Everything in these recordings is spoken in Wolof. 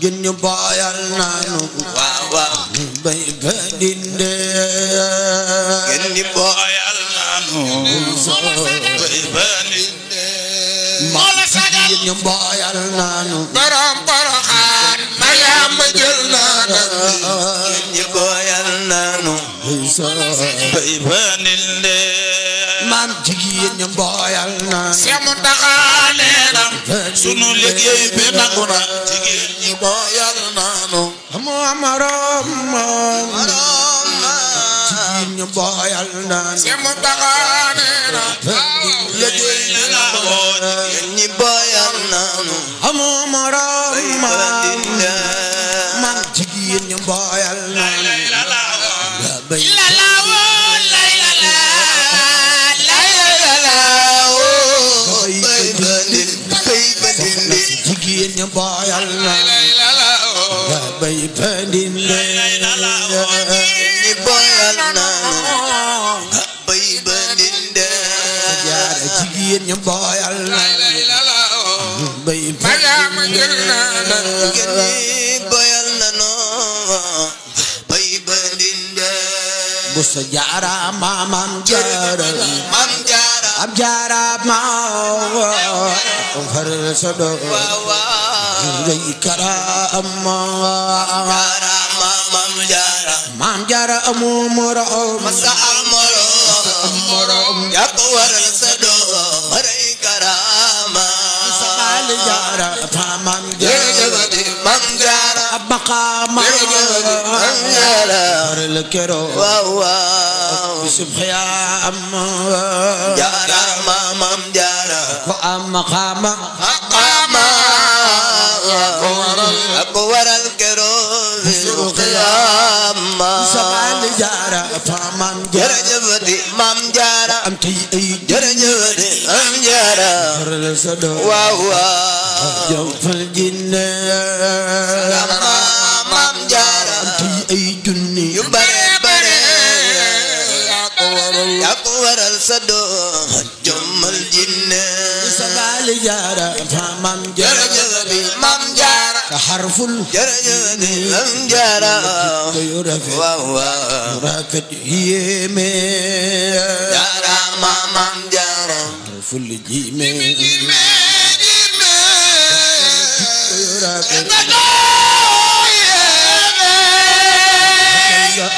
ginñu booyal naanu waaw waaw bay ba dinde ginñu booyal naanu bay ba dinde moola sagal ginñu booyal naanu borom boroxaan ma yamba jël naanu ginñu booyal naanu bay ba dinde maam jigéen ñu booyal naanu semu taxaa nee na sunu liggéey bi nangu na jigéen ko yal nanu moo maroom moom ñu boyal nanu si mu taxaane na liggéey bi na bool ñi boyal nanu moo maroom moom man jigéen ñu boyal nanu jigéen ñu boyal nanu بيت لله بويال نانا بيت لله يا جيجين يا بويال لا اله الا الله بيت بويال نانا بيت لله بوس جارا مام جارا مام جارا اب جارا ما فرسدو maam jaara amul moroom masa am moroom yaa ko waral sa doom maray karaama sa baal jaara fa maam jaara maam jaara maqaama maam jaara la kero waaw waaw subhiya am jaara maam jaara ko am maqaama maam jaara jërëjëfati maam jaara ay jërëjëfati maam jaara faral sa doom waaw waaw jom fal jinne maam jaara am tey ay junni bare bare yaa ko waral sa mam jaara jërëjëf mam jaara ka xarful jërëjëf mam jaara koyu rafet waaw waaw rafet yéeme jaara ma mam jaara xarful jiime jiime koyu rafet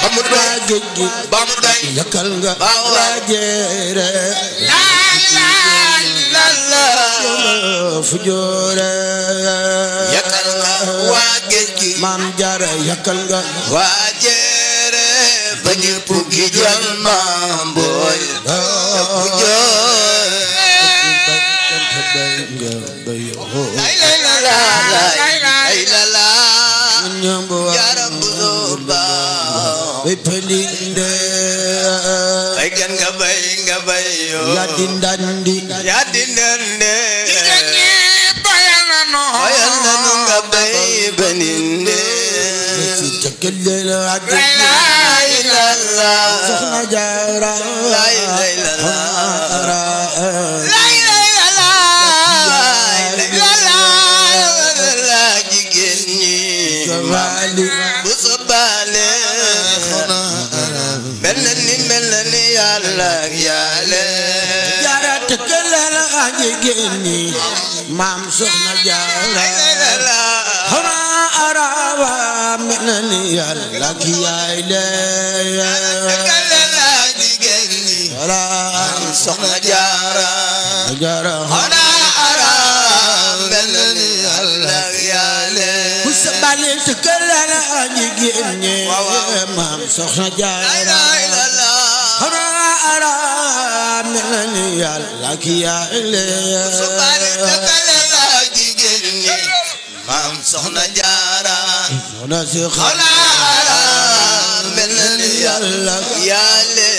ba mu doy ba mu doy yakal nga ba waa jeere fujoore yakal nga waa géej gi maam jaara yakal nga waa jeere ba ñëpp gi jël maam booy fujoore lay lay la la lay la la jaara baa bay pelinde yaa di yaa di كلنا عبد لا إله إلا الله سخنا جارا لا إله إلا الله لا إله إلا الله maam soxna jaara ما أرى منني لك يا إلهي ولا أنصح جارا جارا أنا أرى منني لك يا إلهي وسبالي تكلنا نجيني مام صح جارا أنا أرى منني لك يا إلهي وسبالي تكلنا soxna jaara soxna si xalaara mel ni yàlla yàlla